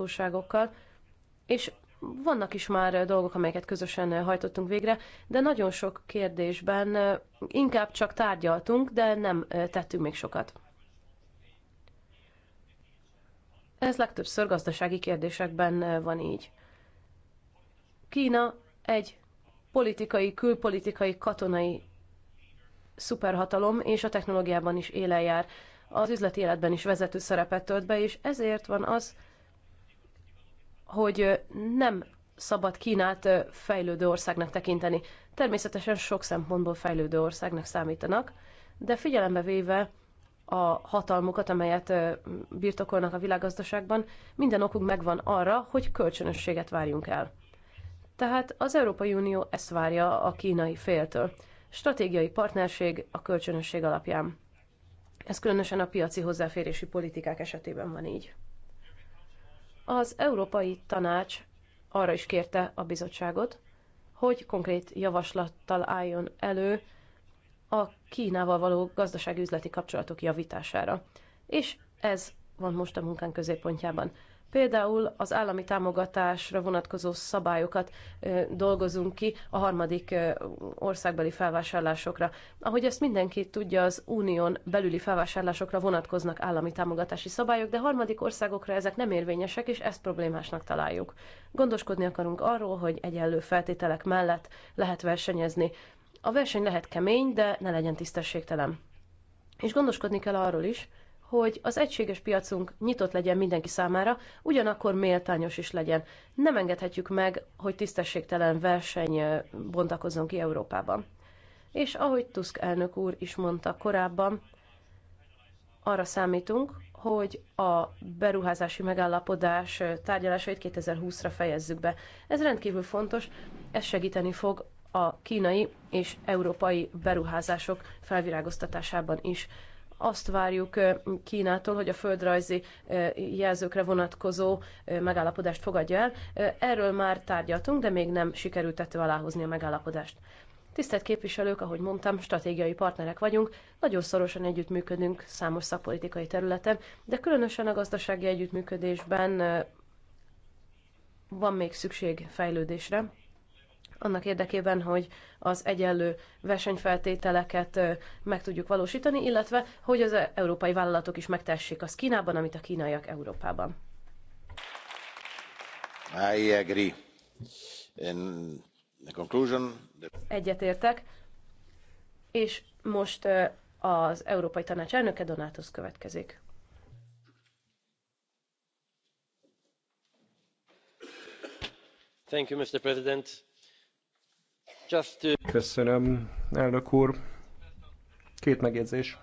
hatóságokkal, és vannak is már dolgok, amelyeket közösen hajtottunk végre, de nagyon sok kérdésben inkább csak tárgyaltunk, de nem tettünk még sokat. Ez legtöbbször gazdasági kérdésekben van így. Kína egy politikai, külpolitikai, katonai szuperhatalom, és a technológiában is élen jár. Az üzleti életben is vezető szerepet tölt be, és ezért van az, hogy nem szabad Kínát fejlődő országnak tekinteni. Természetesen sok szempontból fejlődő országnak számítanak, de figyelembe véve a hatalmukat, amelyet birtokolnak a világgazdaságban, minden okunk megvan arra, hogy kölcsönösséget várjunk el. Tehát az Európai Unió ezt várja a kínai féltől. Stratégiai partnerség a kölcsönösség alapján. Ez különösen a piaci hozzáférési politikák esetében van így. Az Európai Tanács arra is kérte a bizottságot, hogy konkrét javaslattal álljon elő a Kínával való gazdasági-üzleti kapcsolatok javítására. És ez van most a munkánk középpontjában. Például az állami támogatásra vonatkozó szabályokat dolgozunk ki a harmadik országbeli felvásárlásokra. Ahogy ezt mindenki tudja, az unión belüli felvásárlásokra vonatkoznak állami támogatási szabályok, de harmadik országokra ezek nem érvényesek, és ezt problémásnak találjuk. Gondoskodni akarunk arról, hogy egyenlő feltételek mellett lehet versenyezni. A verseny lehet kemény, de ne legyen tisztességtelen. És gondoskodni kell arról is, hogy az egységes piacunk nyitott legyen mindenki számára, ugyanakkor méltányos is legyen. Nem engedhetjük meg, hogy tisztességtelen verseny bontakozzon ki Európában. És ahogy Tusk elnök úr is mondta korábban, arra számítunk, hogy a beruházási megállapodás tárgyalásait 2020-ra fejezzük be. Ez rendkívül fontos, ez segíteni fog a kínai és európai beruházások felvirágoztatásában is. Azt várjuk Kínától, hogy a földrajzi jelzőkre vonatkozó megállapodást fogadja el. Erről már tárgyaltunk, de még nem sikerült tető aláhozni a megállapodást. Tisztelt képviselők, ahogy mondtam, stratégiai partnerek vagyunk, nagyon szorosan együttműködünk számos szakpolitikai területen, de különösen a gazdasági együttműködésben van még szükség fejlődésre annak érdekében, hogy az egyenlő versenyfeltételeket meg tudjuk valósítani, illetve hogy az európai vállalatok is megtessék az Kínában, amit a kínaiak Európában. I agree. In the conclusion, Egyet Egyetértek, és most az Európai Tanács elnöke Donátus következik. Thank you, Mr. President Köszönöm, elnök úr. Két megjegyzés.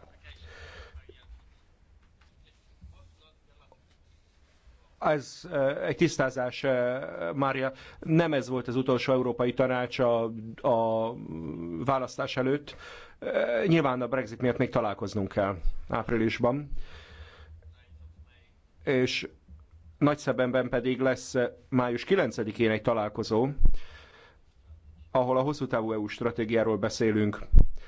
Ez eh, egy tisztázás, eh, Mária. Nem ez volt az utolsó európai tanács a, a választás előtt. Eh, nyilván a Brexit miatt még találkoznunk kell áprilisban. És nagyszebenben pedig lesz május 9-én egy találkozó, ahol a hosszú távú EU stratégiáról beszélünk.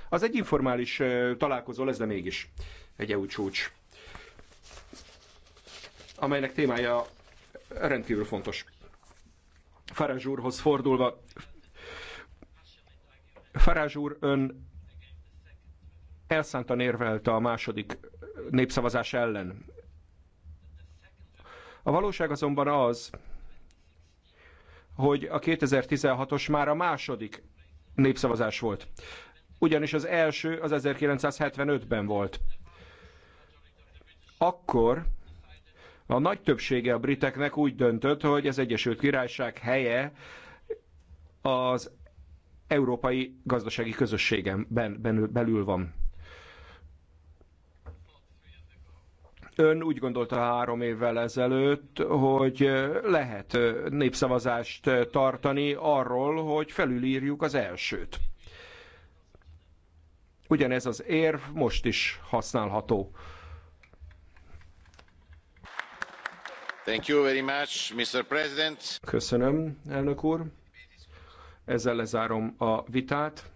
Az egy informális találkozó lesz, de mégis egy EU csúcs, amelynek témája rendkívül fontos. Farázs úrhoz fordulva, Farázs úr ön elszántan érvelte a második népszavazás ellen. A valóság azonban az, hogy a 2016-os már a második népszavazás volt. Ugyanis az első az 1975-ben volt. Akkor a nagy többsége a briteknek úgy döntött, hogy az Egyesült Királyság helye az európai gazdasági közösségen belül van. Ön úgy gondolta három évvel ezelőtt, hogy lehet népszavazást tartani arról, hogy felülírjuk az elsőt. Ugyanez az érv most is használható. Thank you very much, Mr. President. Köszönöm, elnök úr. Ezzel lezárom a vitát.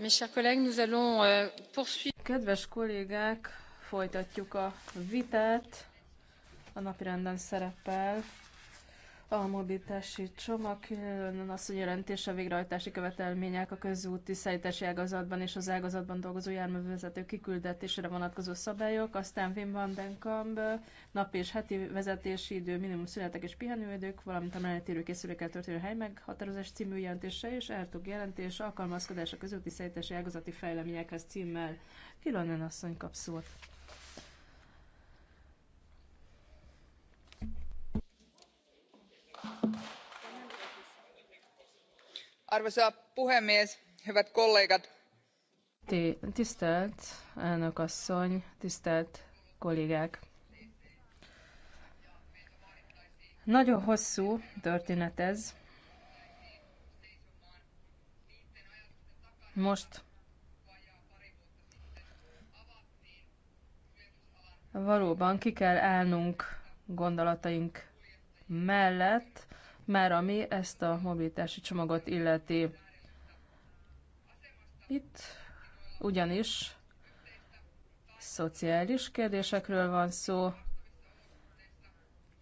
Euh, Kedves kollégák, folytatjuk a vitát. A napirenden szerepel a mobilitási csomag, külön az, hogy jelentése végrehajtási követelmények a közúti szállítási ágazatban és az ágazatban dolgozó járművezető kiküldetésére vonatkozó szabályok, aztán Wim van den Kamp, napi és heti vezetési idő, minimum születek és pihenőidők, valamint a menetérő készülékkel történő hely meghatározás című jelentése és Ertug jelentés alkalmazkodás a közúti szállítási ágazati fejleményekhez címmel. Kilonen asszony kap szót. arvoisa puhemies hyvät kollegat tisztelt elnök asszony tisztelt kollégák nagyon hosszú történet ez most valóban ki kell állnunk gondolataink mellett már ami ezt a mobilitási csomagot illeti. Itt ugyanis szociális kérdésekről van szó,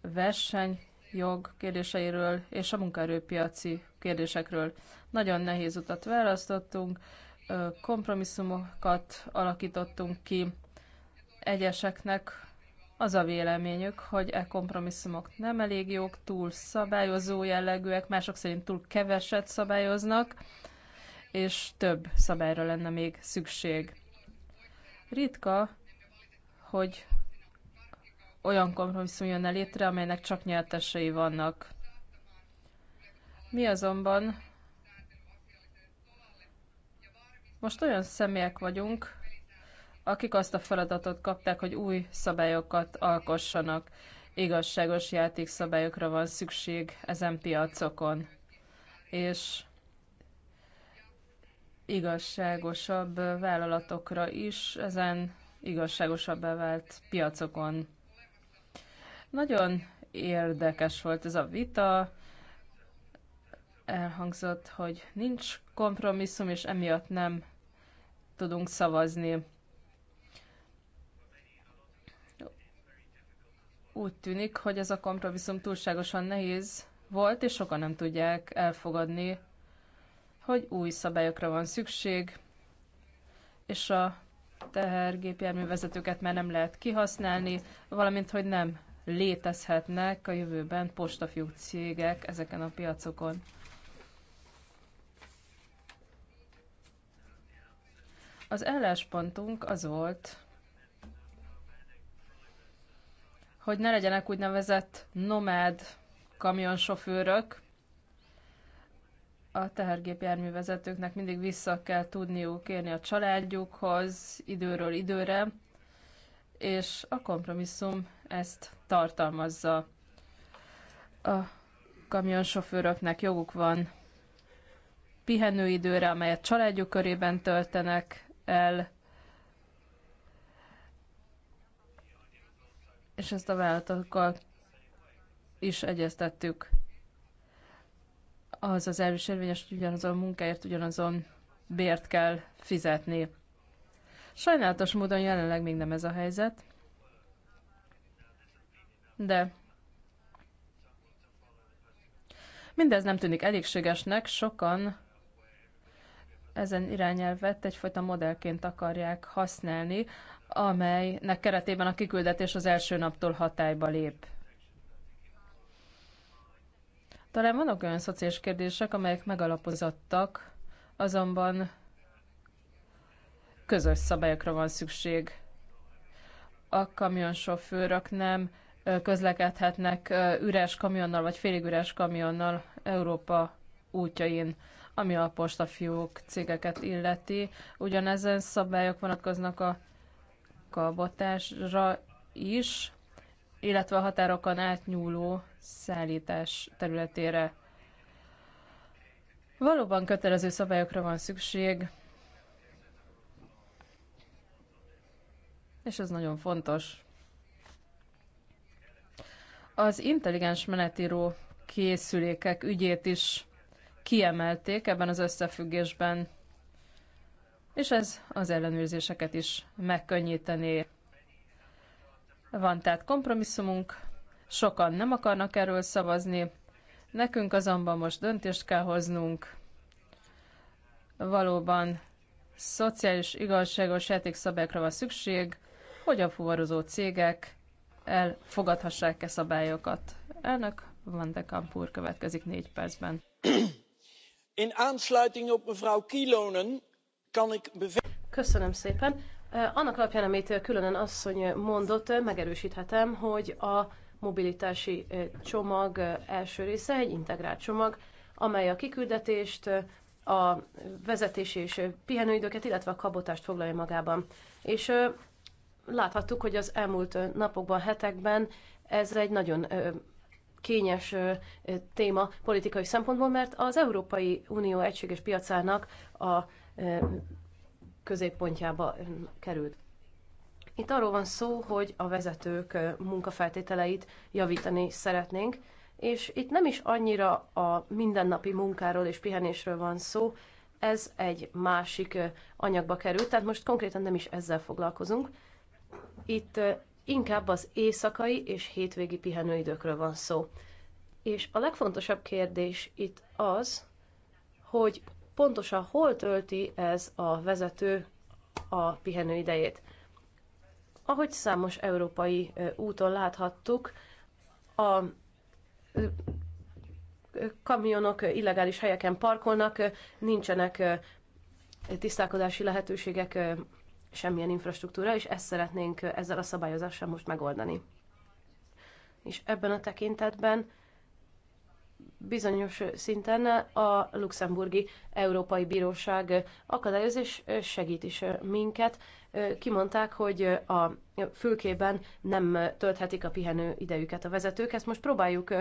versenyjog kérdéseiről és a munkaerőpiaci kérdésekről. Nagyon nehéz utat választottunk, kompromisszumokat alakítottunk ki, egyeseknek az a véleményük, hogy e kompromisszumok nem elég jók, túl szabályozó jellegűek, mások szerint túl keveset szabályoznak, és több szabályra lenne még szükség. Ritka, hogy olyan kompromisszum jönne létre, amelynek csak nyertesei vannak. Mi azonban most olyan személyek vagyunk, akik azt a feladatot kapták, hogy új szabályokat alkossanak. Igazságos játékszabályokra van szükség ezen piacokon. És igazságosabb vállalatokra is ezen igazságosabbá vált piacokon. Nagyon érdekes volt ez a vita. Elhangzott, hogy nincs kompromisszum, és emiatt nem tudunk szavazni. úgy tűnik, hogy ez a kompromisszum túlságosan nehéz volt, és sokan nem tudják elfogadni, hogy új szabályokra van szükség, és a tehergépjárművezetőket már nem lehet kihasználni, valamint, hogy nem létezhetnek a jövőben postafiú cégek ezeken a piacokon. Az álláspontunk az volt, hogy ne legyenek úgynevezett nomád kamionsofőrök, a tehergépjárművezetőknek mindig vissza kell tudniuk érni a családjukhoz időről időre, és a kompromisszum ezt tartalmazza. A kamionsofőröknek joguk van pihenőidőre, amelyet családjuk körében töltenek el, és ezt a vállalatokkal is egyeztettük. Az az elvis érvényes, hogy ugyanazon munkáért ugyanazon bért kell fizetni. Sajnálatos módon jelenleg még nem ez a helyzet, de mindez nem tűnik elégségesnek, sokan ezen irányelvet egyfajta modellként akarják használni amelynek keretében a kiküldetés az első naptól hatályba lép. Talán vannak olyan szociális kérdések, amelyek megalapozottak, azonban közös szabályokra van szükség. A kamionsofőrök nem közlekedhetnek üres kamionnal vagy félig üres kamionnal Európa útjain, ami a postafiók cégeket illeti. Ugyanezen szabályok vonatkoznak a kavatásra is, illetve a határokon átnyúló szállítás területére. Valóban kötelező szabályokra van szükség, és ez nagyon fontos. Az intelligens menetíró készülékek ügyét is kiemelték ebben az összefüggésben és ez az ellenőrzéseket is megkönnyítené. Van tehát kompromisszumunk, sokan nem akarnak erről szavazni, nekünk azonban most döntést kell hoznunk. Valóban szociális igazságos játékszabályokra van szükség, hogy a fuvarozó cégek elfogadhassák-e szabályokat. Elnök Van de Kampur következik négy percben. In aansluiting op mevrouw Kilonen Köszönöm szépen. Annak alapján, amit különen asszony mondott, megerősíthetem, hogy a mobilitási csomag első része egy integrált csomag, amely a kiküldetést, a vezetési és pihenőidőket, illetve a kabotást foglalja magában. És láthattuk, hogy az elmúlt napokban, hetekben ez egy nagyon kényes téma politikai szempontból, mert az Európai Unió egységes piacának a középpontjába került. Itt arról van szó, hogy a vezetők munkafeltételeit javítani szeretnénk, és itt nem is annyira a mindennapi munkáról és pihenésről van szó, ez egy másik anyagba került, tehát most konkrétan nem is ezzel foglalkozunk. Itt inkább az éjszakai és hétvégi pihenőidőkről van szó. És a legfontosabb kérdés itt az, hogy pontosan hol tölti ez a vezető a idejét. Ahogy számos európai úton láthattuk, a kamionok illegális helyeken parkolnak, nincsenek tisztálkodási lehetőségek, semmilyen infrastruktúra, és ezt szeretnénk ezzel a szabályozással most megoldani. És ebben a tekintetben bizonyos szinten a luxemburgi Európai Bíróság akadályoz és segít is minket. Kimondták, hogy a fülkében nem tölthetik a pihenő idejüket a vezetők. Ezt most próbáljuk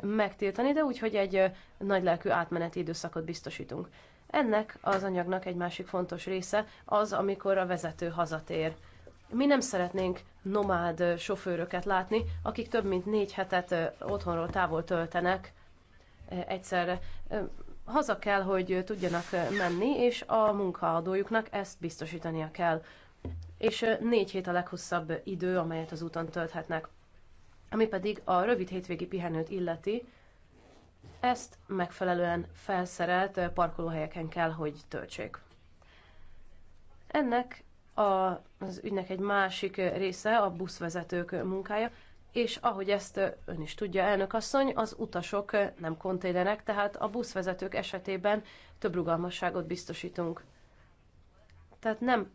megtiltani, de úgy, hogy egy nagylelkű átmeneti időszakot biztosítunk. Ennek az anyagnak egy másik fontos része az, amikor a vezető hazatér. Mi nem szeretnénk nomád sofőröket látni, akik több mint négy hetet otthonról távol töltenek egyszerre. Haza kell, hogy tudjanak menni, és a munkaadójuknak ezt biztosítania kell. És négy hét a leghosszabb idő, amelyet az úton tölthetnek. Ami pedig a rövid hétvégi pihenőt illeti, ezt megfelelően felszerelt parkolóhelyeken kell, hogy töltsék. Ennek az ügynek egy másik része a buszvezetők munkája, és ahogy ezt ön is tudja, elnök asszony, az utasok nem konténerek, tehát a buszvezetők esetében több rugalmasságot biztosítunk. Tehát nem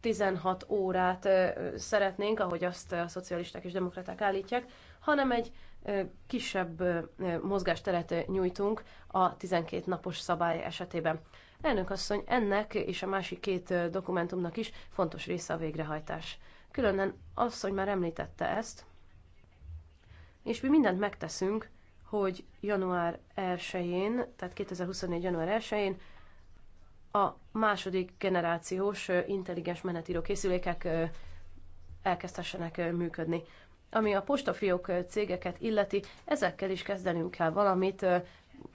16 órát szeretnénk, ahogy azt a szocialisták és demokraták állítják, hanem egy kisebb mozgásteret nyújtunk a 12 napos szabály esetében. Elnök asszony, ennek és a másik két dokumentumnak is fontos része a végrehajtás. Különen asszony már említette ezt, és mi mindent megteszünk, hogy január 1-én, tehát 2024. január 1-én a második generációs intelligens menetíró készülékek elkezdhessenek működni. Ami a postafiók cégeket illeti, ezekkel is kezdenünk kell valamit,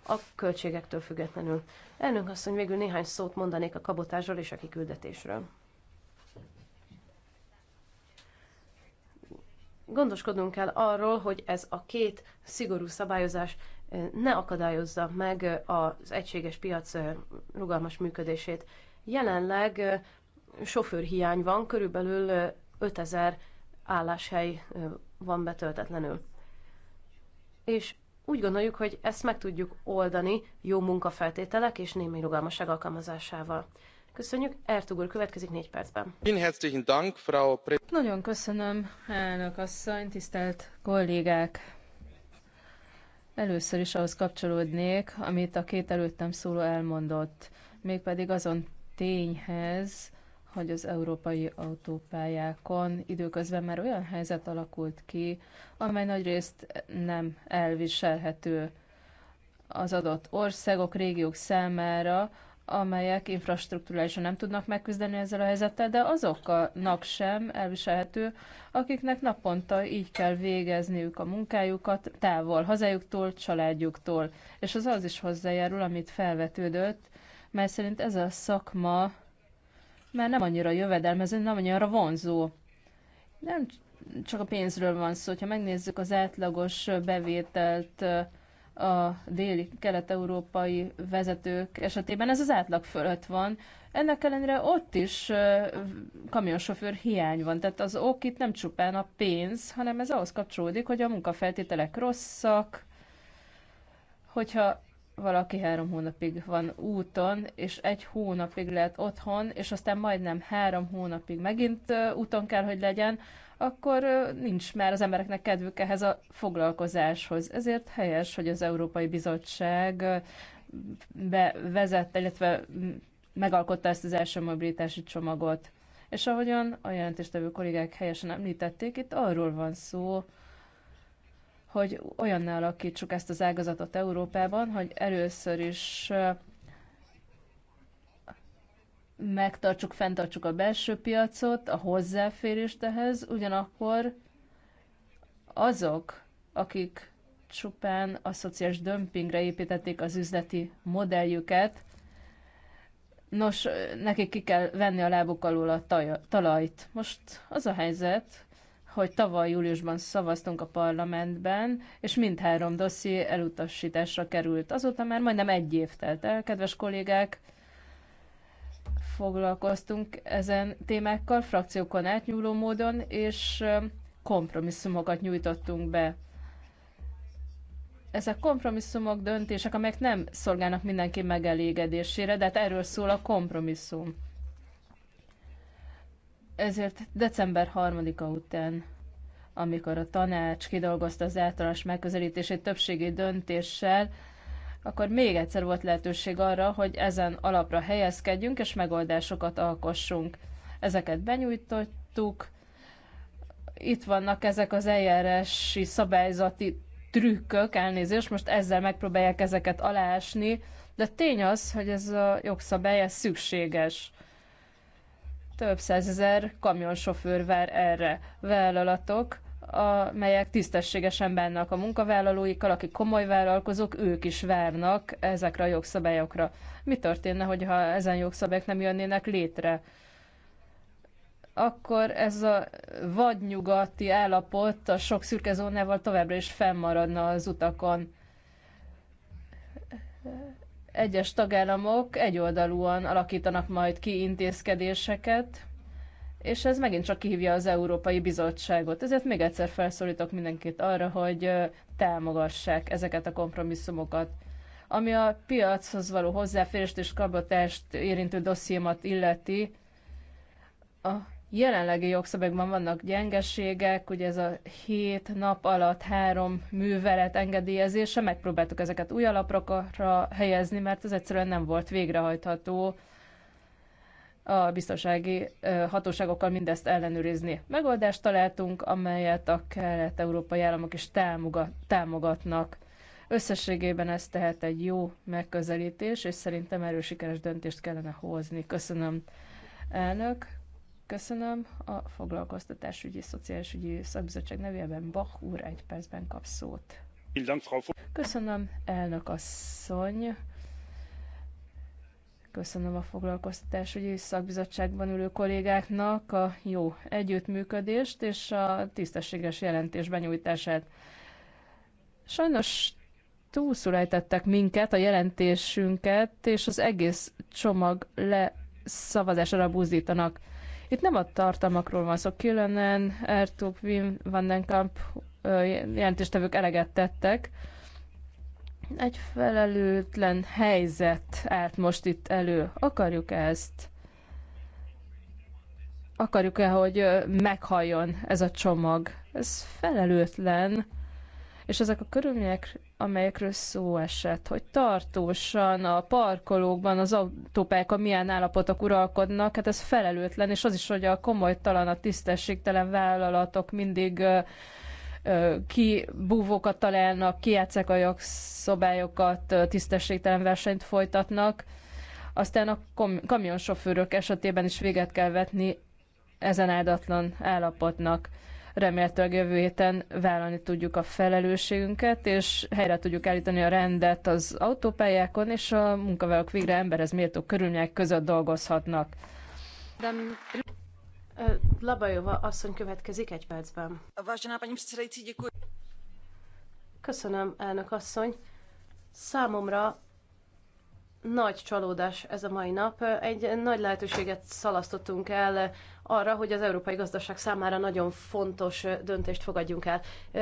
a költségektől függetlenül. Elnök asszony, végül néhány szót mondanék a kabotásról és a kiküldetésről. Gondoskodnunk kell arról, hogy ez a két szigorú szabályozás eh, ne akadályozza meg eh, az egységes piac eh, rugalmas működését. Jelenleg sofőrhiány van, körülbelül 5000 álláshely van betöltetlenül. És úgy gondoljuk, hogy ezt meg tudjuk oldani jó munkafeltételek és némi rugalmasság alkalmazásával. Köszönjük, Ertugor következik négy percben. Nagyon köszönöm, elnök asszony, tisztelt kollégák! Először is ahhoz kapcsolódnék, amit a két előttem szóló elmondott, mégpedig azon tényhez, hogy az európai autópályákon időközben már olyan helyzet alakult ki, amely nagyrészt nem elviselhető az adott országok, régiók számára, amelyek infrastruktúrálisan nem tudnak megküzdeni ezzel a helyzettel, de azoknak sem elviselhető, akiknek naponta így kell végezniük a munkájukat távol, hazájuktól, családjuktól. És az az is hozzájárul, amit felvetődött, mert szerint ez a szakma mert nem annyira jövedelmező, nem annyira vonzó. Nem csak a pénzről van szó, ha megnézzük az átlagos bevételt a déli kelet-európai vezetők esetében, ez az átlag fölött van. Ennek ellenére ott is kamionsofőr hiány van, tehát az ok itt nem csupán a pénz, hanem ez ahhoz kapcsolódik, hogy a munkafeltételek rosszak, hogyha valaki három hónapig van úton, és egy hónapig lehet otthon, és aztán majdnem három hónapig megint úton kell, hogy legyen, akkor nincs már az embereknek kedvük ehhez a foglalkozáshoz. Ezért helyes, hogy az Európai Bizottság bevezette, illetve megalkotta ezt az első mobilitási csomagot. És ahogyan a jelentéstevő kollégák helyesen említették, itt arról van szó, hogy olyanná alakítsuk ezt az ágazatot Európában, hogy először is megtartsuk, fenntartsuk a belső piacot, a hozzáférést ehhez, ugyanakkor azok, akik csupán a szociális dömpingre építették az üzleti modelljüket, nos, nekik ki kell venni a lábuk alól a talajt. Most az a helyzet, hogy tavaly júliusban szavaztunk a parlamentben, és mindhárom dosszi elutasításra került. Azóta már majdnem egy év telt el, kedves kollégák, foglalkoztunk ezen témákkal frakciókon átnyúló módon, és kompromisszumokat nyújtottunk be. Ezek kompromisszumok, döntések, amelyek nem szolgálnak mindenki megelégedésére, de hát erről szól a kompromisszum. Ezért december 3-a után, amikor a tanács kidolgozta az általános megközelítését többségi döntéssel, akkor még egyszer volt lehetőség arra, hogy ezen alapra helyezkedjünk és megoldásokat alkossunk. Ezeket benyújtottuk. Itt vannak ezek az eljárási szabályzati trükkök, elnézést, most ezzel megpróbálják ezeket aláásni, de tény az, hogy ez a jogszabály ez szükséges. Több százezer kamionsofőr vár erre vállalatok, amelyek tisztességesen bánnak a munkavállalóikkal, akik komoly vállalkozók, ők is várnak ezekre a jogszabályokra. Mi történne, hogyha ezen jogszabályok nem jönnének létre? akkor ez a vadnyugati állapot a sok szürke zónával továbbra is fennmaradna az utakon egyes tagállamok egyoldalúan alakítanak majd ki intézkedéseket, és ez megint csak kihívja az Európai Bizottságot. Ezért még egyszer felszólítok mindenkit arra, hogy támogassák ezeket a kompromisszumokat. Ami a piachoz való hozzáférést és kabotást érintő dossziémat illeti, a Jelenlegi jogszabályokban vannak gyengeségek, ugye ez a hét nap alatt három művelet engedélyezése, megpróbáltuk ezeket új alapra helyezni, mert ez egyszerűen nem volt végrehajtható a biztonsági hatóságokkal mindezt ellenőrizni. Megoldást találtunk, amelyet a kelet-európai államok is támogatnak. Összességében ez tehát egy jó megközelítés, és szerintem erős sikeres döntést kellene hozni. Köszönöm, elnök. Köszönöm. A Foglalkoztatásügyi Szociálisügyi Szakbizottság nevében Bach úr egy percben kap szót. Köszönöm, elnök asszony. Köszönöm a foglalkoztatásügyi szakbizottságban ülő kollégáknak a jó együttműködést és a tisztességes jelentés benyújtását. Sajnos túlszulejtettek minket, a jelentésünket, és az egész csomag le szavazásra buzdítanak. Itt nem a tartalmakról van szó, Különen, Ertug, Wim, Vandenkamp jelentéstevők eleget tettek. Egy felelőtlen helyzet állt most itt elő. Akarjuk ezt? Akarjuk-e, hogy meghalljon ez a csomag? Ez felelőtlen, és ezek a körülmények amelyekről szó esett, hogy tartósan a parkolókban az autópályák a milyen állapotok uralkodnak, hát ez felelőtlen, és az is, hogy a komolytalan, a tisztességtelen vállalatok mindig ki búvókat találnak, kiátszák a jogszabályokat, tisztességtelen versenyt folytatnak. Aztán a kamionsofőrök esetében is véget kell vetni ezen áldatlan állapotnak. Remélhetőleg jövő héten vállalni tudjuk a felelősségünket, és helyre tudjuk állítani a rendet az autópályákon, és a munkavállalók végre emberhez méltó körülmények között dolgozhatnak. De... Labajova asszony következik egy percben. Köszönöm, elnök asszony. Számomra nagy csalódás ez a mai nap. Egy nagy lehetőséget szalasztottunk el arra, hogy az európai gazdaság számára nagyon fontos döntést fogadjunk el.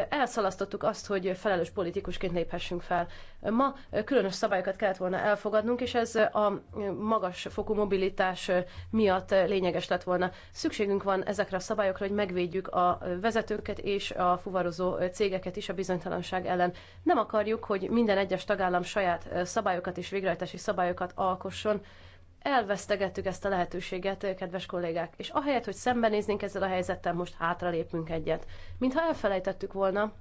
Elszalasztottuk azt, hogy felelős politikusként léphessünk fel. Ma különös szabályokat kellett volna elfogadnunk, és ez a magas fokú mobilitás miatt lényeges lett volna. Szükségünk van ezekre a szabályokra, hogy megvédjük a vezetőket és a fuvarozó cégeket is a bizonytalanság ellen. Nem akarjuk, hogy minden egyes tagállam saját szabályokat és végrehajtási szabályokat alkosson, elvesztegettük ezt a lehetőséget, kedves kollégák, és ahelyett, hogy szembenéznénk ezzel a helyzettel, most hátralépünk egyet. Mintha elfelejtettük volna,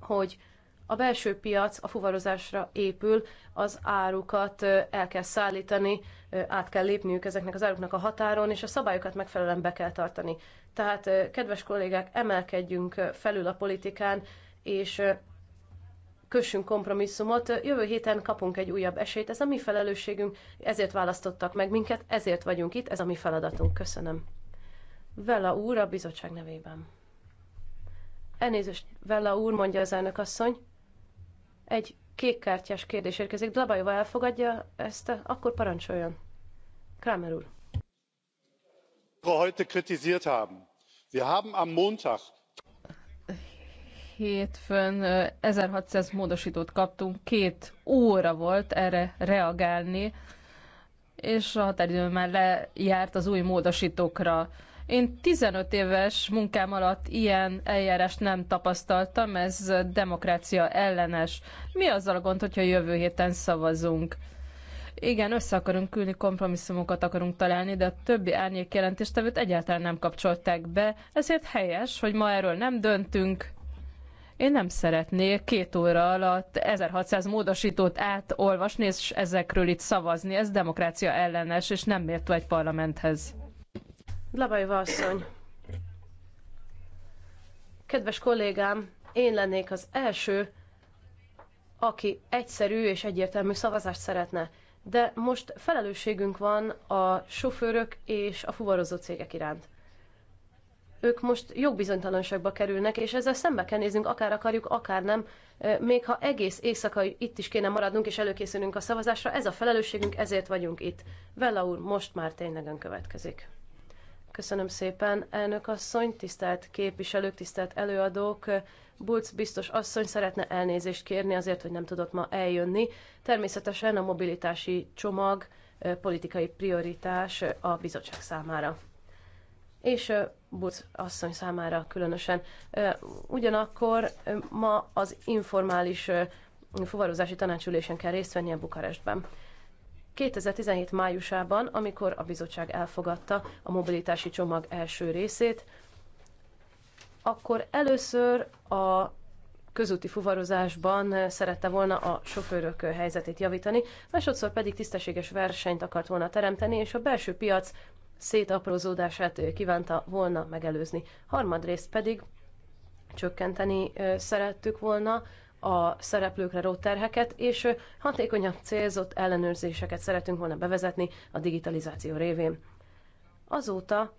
hogy a belső piac a fuvarozásra épül, az árukat el kell szállítani, át kell lépniük ezeknek az áruknak a határon, és a szabályokat megfelelően be kell tartani. Tehát, kedves kollégák, emelkedjünk felül a politikán, és kössünk kompromisszumot, jövő héten kapunk egy újabb esélyt, ez a mi felelősségünk, ezért választottak meg minket, ezért vagyunk itt, ez a mi feladatunk. Köszönöm. Vella úr a bizottság nevében. Elnézést, Vella úr, mondja az elnök asszony. Egy kékkártyás kérdés érkezik. Dlabajova elfogadja ezt, akkor parancsoljon. Kramer úr. Heute kritisiert haben. Wir haben am Montag Hétfőn 1600 módosítót kaptunk, két óra volt erre reagálni, és a határidő már lejárt az új módosítókra. Én 15 éves munkám alatt ilyen eljárást nem tapasztaltam, ez demokrácia ellenes. Mi azzal a gond, hogyha jövő héten szavazunk? Igen, össze akarunk külni, kompromisszumokat akarunk találni, de a többi árnyék jelentéstevőt egyáltalán nem kapcsolták be, ezért helyes, hogy ma erről nem döntünk, én nem szeretnék két óra alatt 1600 módosítót átolvasni, és ezekről itt szavazni. Ez demokrácia ellenes, és nem mértő egy parlamenthez. Labajva asszony. Kedves kollégám, én lennék az első, aki egyszerű és egyértelmű szavazást szeretne. De most felelősségünk van a sofőrök és a fuvarozó cégek iránt ők most jogbizonytalanságba kerülnek, és ezzel szembe kell néznünk, akár akarjuk, akár nem. Még ha egész éjszaka itt is kéne maradnunk és előkészülnünk a szavazásra, ez a felelősségünk, ezért vagyunk itt. Vella úr, most már tényleg ön következik. Köszönöm szépen, elnök asszony, tisztelt képviselők, tisztelt előadók. Bulc biztos asszony szeretne elnézést kérni azért, hogy nem tudott ma eljönni. Természetesen a mobilitási csomag politikai prioritás a bizottság számára. És Buc asszony számára különösen. Ugyanakkor ma az informális fuvarozási tanácsülésen kell részt vennie Bukarestben. 2017 májusában, amikor a bizottság elfogadta a mobilitási csomag első részét, akkor először a közúti fuvarozásban szerette volna a sofőrök helyzetét javítani, másodszor pedig tisztességes versenyt akart volna teremteni, és a belső piac szétaprózódását kívánta volna megelőzni. Harmadrészt pedig csökkenteni szerettük volna a szereplőkre rót terheket, és hatékonyabb célzott ellenőrzéseket szeretünk volna bevezetni a digitalizáció révén. Azóta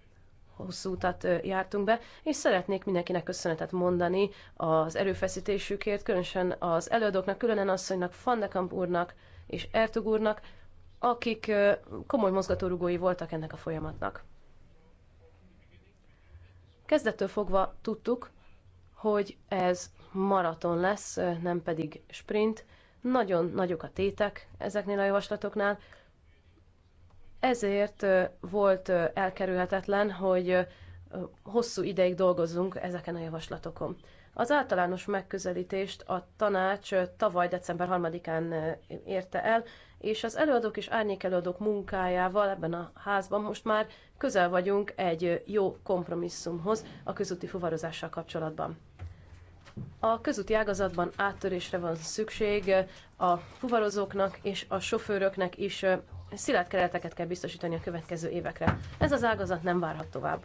hosszú utat jártunk be, és szeretnék mindenkinek köszönetet mondani az erőfeszítésükért, különösen az előadóknak, különen asszonynak, Fandekamp úrnak és Ertug úrnak, akik komoly mozgatórugói voltak ennek a folyamatnak. Kezdettől fogva tudtuk, hogy ez maraton lesz, nem pedig sprint. Nagyon nagyok a tétek ezeknél a javaslatoknál, ezért volt elkerülhetetlen, hogy hosszú ideig dolgozzunk ezeken a javaslatokon. Az általános megközelítést a tanács tavaly december 3-án érte el, és az előadók és árnyékelőadók munkájával ebben a házban most már közel vagyunk egy jó kompromisszumhoz a közúti fuvarozással kapcsolatban. A közúti ágazatban áttörésre van szükség a fuvarozóknak és a sofőröknek is szilárd kereteket kell biztosítani a következő évekre. Ez az ágazat nem várhat tovább.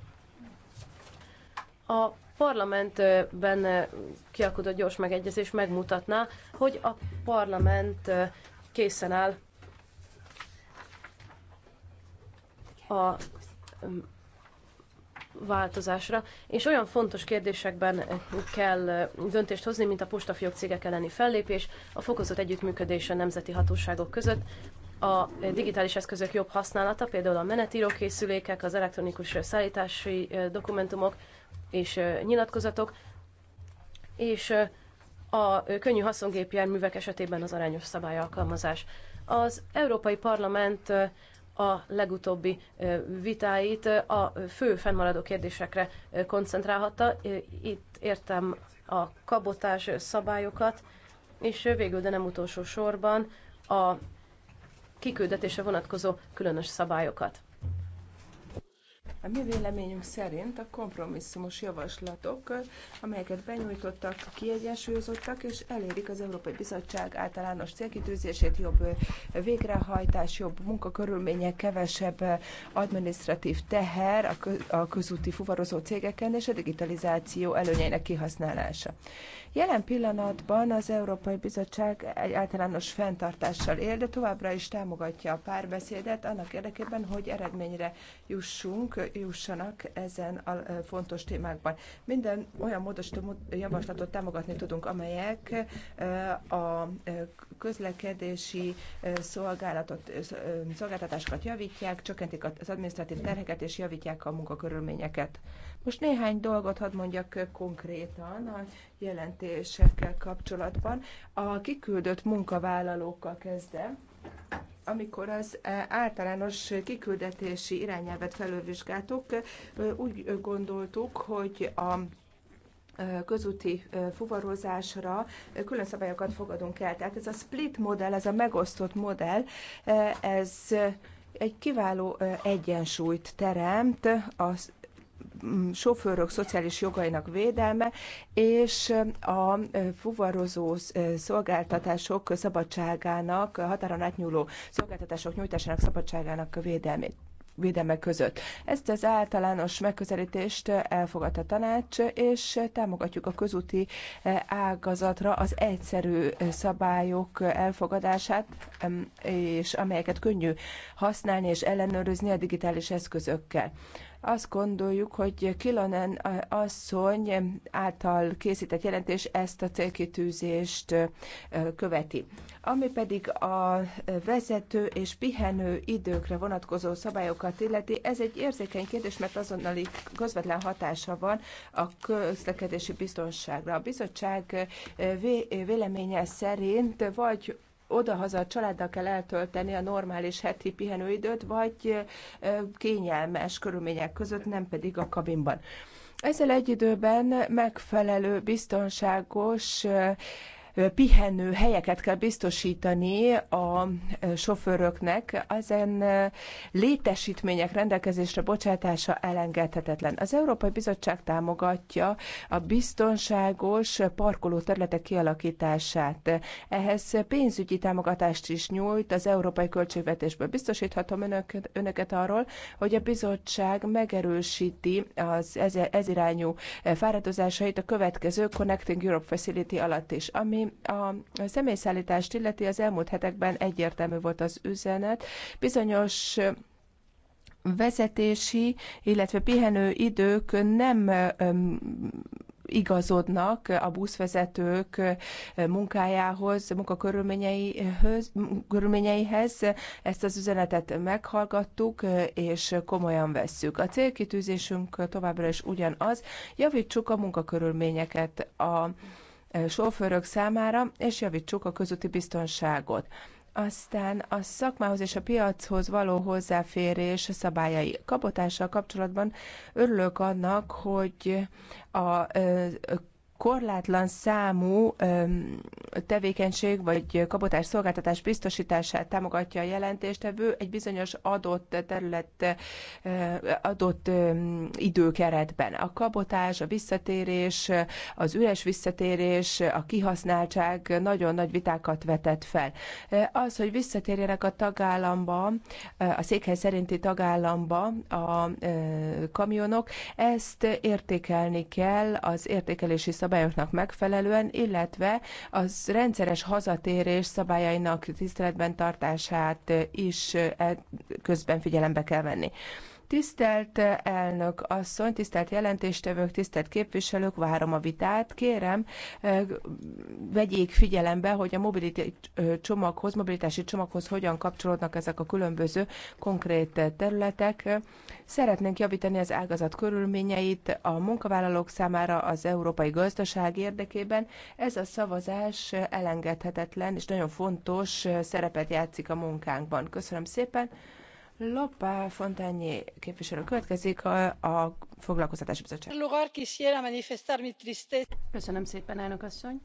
A parlamentben kialkodott gyors megegyezés megmutatná, hogy a parlament készen áll a változásra, és olyan fontos kérdésekben kell döntést hozni, mint a postafiók cégek elleni fellépés, a fokozott együttműködés a nemzeti hatóságok között, a digitális eszközök jobb használata, például a menetírókészülékek, az elektronikus szállítási dokumentumok és nyilatkozatok, és a könnyű haszongépjárművek esetében az arányos szabályalkalmazás. Az Európai Parlament a legutóbbi vitáit a fő fennmaradó kérdésekre koncentrálhatta. Itt értem a kabotás szabályokat, és végül, de nem utolsó sorban a kiküldetése vonatkozó különös szabályokat. A mi véleményünk szerint a kompromisszumos javaslatok, amelyeket benyújtottak, kiegyensúlyozottak, és elérik az Európai Bizottság általános célkitűzését, jobb végrehajtás, jobb munkakörülmények, kevesebb administratív teher a közúti fuvarozó cégeken, és a digitalizáció előnyeinek kihasználása. Jelen pillanatban az Európai Bizottság egy általános fenntartással él, de továbbra is támogatja a párbeszédet annak érdekében, hogy eredményre jussunk, jussanak ezen a e, fontos témákban. Minden olyan módosító javaslatot támogatni tudunk, amelyek e, a e, közlekedési szolgálatot, szolgáltatásokat javítják, csökkentik az adminisztratív terheket és javítják a munkakörülményeket. Most néhány dolgot hadd mondjak konkrétan a jelentésekkel kapcsolatban. A kiküldött munkavállalókkal kezdem amikor az általános kiküldetési irányelvet felülvizsgáltuk, úgy gondoltuk, hogy a közúti fuvarozásra külön szabályokat fogadunk el. Tehát ez a split modell, ez a megosztott modell, ez egy kiváló egyensúlyt teremt az sofőrök szociális jogainak védelme és a fuvarozó szolgáltatások szabadságának, határon átnyúló szolgáltatások nyújtásának szabadságának védelmét védelme között. Ezt az általános megközelítést elfogadta a tanács, és támogatjuk a közúti ágazatra az egyszerű szabályok elfogadását, és amelyeket könnyű használni és ellenőrizni a digitális eszközökkel. Azt gondoljuk, hogy Kilonen eh, asszony által készített jelentés ezt a célkitűzést eh, követi. Ami pedig a vezető és pihenő időkre vonatkozó szabályokat illeti, ez egy érzékeny kérdés, mert azonnali közvetlen hatása van a közlekedési biztonságra. A bizottság eh, véleménye szerint vagy oda-haza a családdal kell eltölteni a normális heti pihenőidőt, vagy kényelmes körülmények között, nem pedig a kabinban. Ezzel egy időben megfelelő, biztonságos pihenő helyeket kell biztosítani a sofőröknek, ezen létesítmények rendelkezésre bocsátása elengedhetetlen. Az Európai Bizottság támogatja a biztonságos parkoló területek kialakítását. Ehhez pénzügyi támogatást is nyújt az Európai Költségvetésből. Biztosíthatom önöket, önöket arról, hogy a bizottság megerősíti az ez, ez irányú fáradozásait a következő Connecting Europe Facility alatt is, ami a személyszállítást illeti, az elmúlt hetekben egyértelmű volt az üzenet. Bizonyos vezetési, illetve pihenő idők nem igazodnak a buszvezetők munkájához, munkakörülményeihez, körülményeihez. Ezt az üzenetet meghallgattuk, és komolyan vesszük. A célkitűzésünk továbbra is ugyanaz, javítsuk a munkakörülményeket a sofőrök számára, és javítsuk a közúti biztonságot. Aztán a szakmához és a piachoz való hozzáférés szabályai kabotással kapcsolatban örülök annak, hogy a korlátlan számú tevékenység vagy kabotás szolgáltatás biztosítását támogatja a jelentéstevő egy bizonyos adott terület, adott időkeretben. A kabotás, a visszatérés, az üres visszatérés, a kihasználtság nagyon nagy vitákat vetett fel. Az, hogy visszatérjenek a tagállamba, a székhely szerinti tagállamba a kamionok, ezt értékelni kell az értékelési szabályozás szabályoknak megfelelően, illetve az rendszeres hazatérés szabályainak tiszteletben tartását is e- közben figyelembe kell venni. Tisztelt eh, elnök asszony, tisztelt jelentéstevők, tisztelt képviselők, várom a vitát. Kérem, eh, vegyék figyelembe, hogy a eh, csomaghoz, mobilitási csomaghoz hogyan kapcsolódnak ezek a különböző konkrét területek. Szeretnénk javítani az ágazat körülményeit a munkavállalók számára az európai gazdaság érdekében. Ez a szavazás elengedhetetlen és nagyon fontos szerepet játszik a munkánkban. Köszönöm szépen. Lopá Fontányi képviselő következik a, a foglalkoztatási bizottság. Köszönöm szépen, elnök asszony.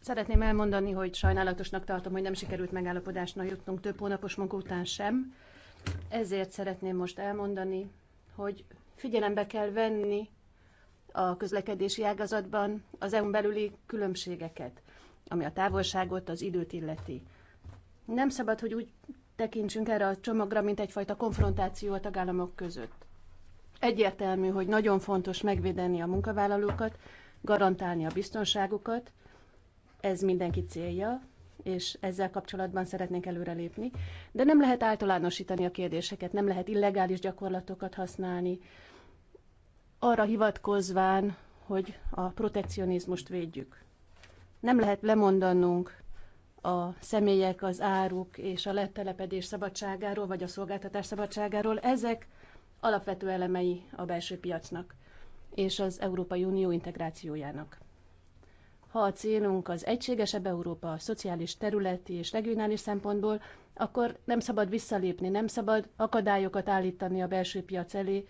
Szeretném elmondani, hogy sajnálatosnak tartom, hogy nem sikerült megállapodásra jutnunk több hónapos munk után sem. Ezért szeretném most elmondani, hogy figyelembe kell venni a közlekedési ágazatban az EU-n belüli különbségeket, ami a távolságot, az időt illeti. Nem szabad, hogy úgy tekintsünk erre a csomagra, mint egyfajta konfrontáció a tagállamok között. Egyértelmű, hogy nagyon fontos megvédeni a munkavállalókat, garantálni a biztonságukat, ez mindenki célja, és ezzel kapcsolatban szeretnénk előrelépni, de nem lehet általánosítani a kérdéseket, nem lehet illegális gyakorlatokat használni, arra hivatkozván, hogy a protekcionizmust védjük. Nem lehet lemondanunk a személyek, az áruk és a letelepedés szabadságáról, vagy a szolgáltatás szabadságáról, ezek alapvető elemei a belső piacnak és az Európai Unió integrációjának. Ha a célunk az egységesebb Európa a szociális, területi és regionális szempontból, akkor nem szabad visszalépni, nem szabad akadályokat állítani a belső piac elé,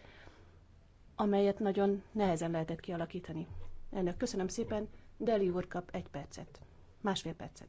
amelyet nagyon nehezen lehetett kialakítani. Ennek köszönöm szépen, Deli úr kap egy percet, másfél percet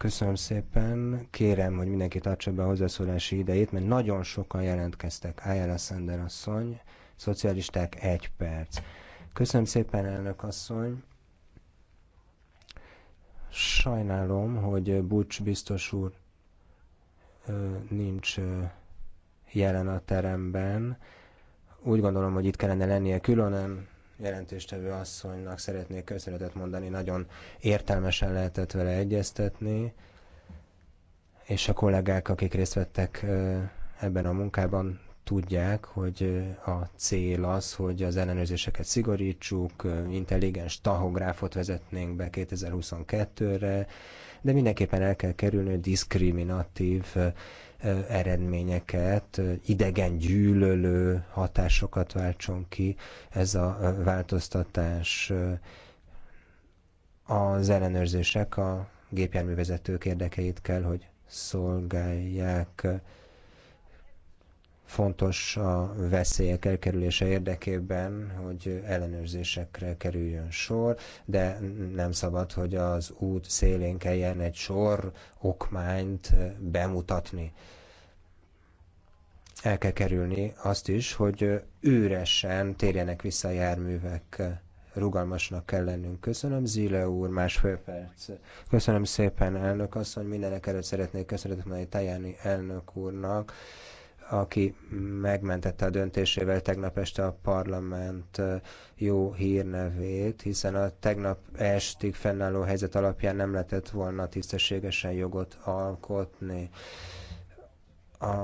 Köszönöm szépen. Kérem, hogy mindenki tartsa be a hozzászólási idejét, mert nagyon sokan jelentkeztek. Ayala Sender asszony, szocialisták egy perc. Köszönöm szépen, elnök asszony. Sajnálom, hogy Bucs biztos úr nincs jelen a teremben. Úgy gondolom, hogy itt kellene lennie különben jelentéstevő asszonynak szeretnék köszönetet mondani, nagyon értelmesen lehetett vele egyeztetni, és a kollégák, akik részt vettek ebben a munkában, tudják, hogy a cél az, hogy az ellenőrzéseket szigorítsuk, intelligens tahográfot vezetnénk be 2022-re, de mindenképpen el kell kerülni, hogy diszkriminatív eredményeket, idegen gyűlölő hatásokat váltson ki ez a változtatás az ellenőrzések a gépjárművezetők érdekeit kell, hogy szolgálják. Fontos a veszélyek elkerülése érdekében, hogy ellenőrzésekre kerüljön sor, de nem szabad, hogy az út szélén kelljen egy sor okmányt bemutatni el kell kerülni azt is, hogy üresen térjenek vissza a járművek. Rugalmasnak kell lennünk. Köszönöm, Zile úr, másfél perc. Köszönöm szépen, elnök asszony. Mindenek előtt szeretnék köszönetet mondani Tajáni elnök úrnak aki megmentette a döntésével tegnap este a parlament jó hírnevét, hiszen a tegnap estig fennálló helyzet alapján nem lehetett volna tisztességesen jogot alkotni. A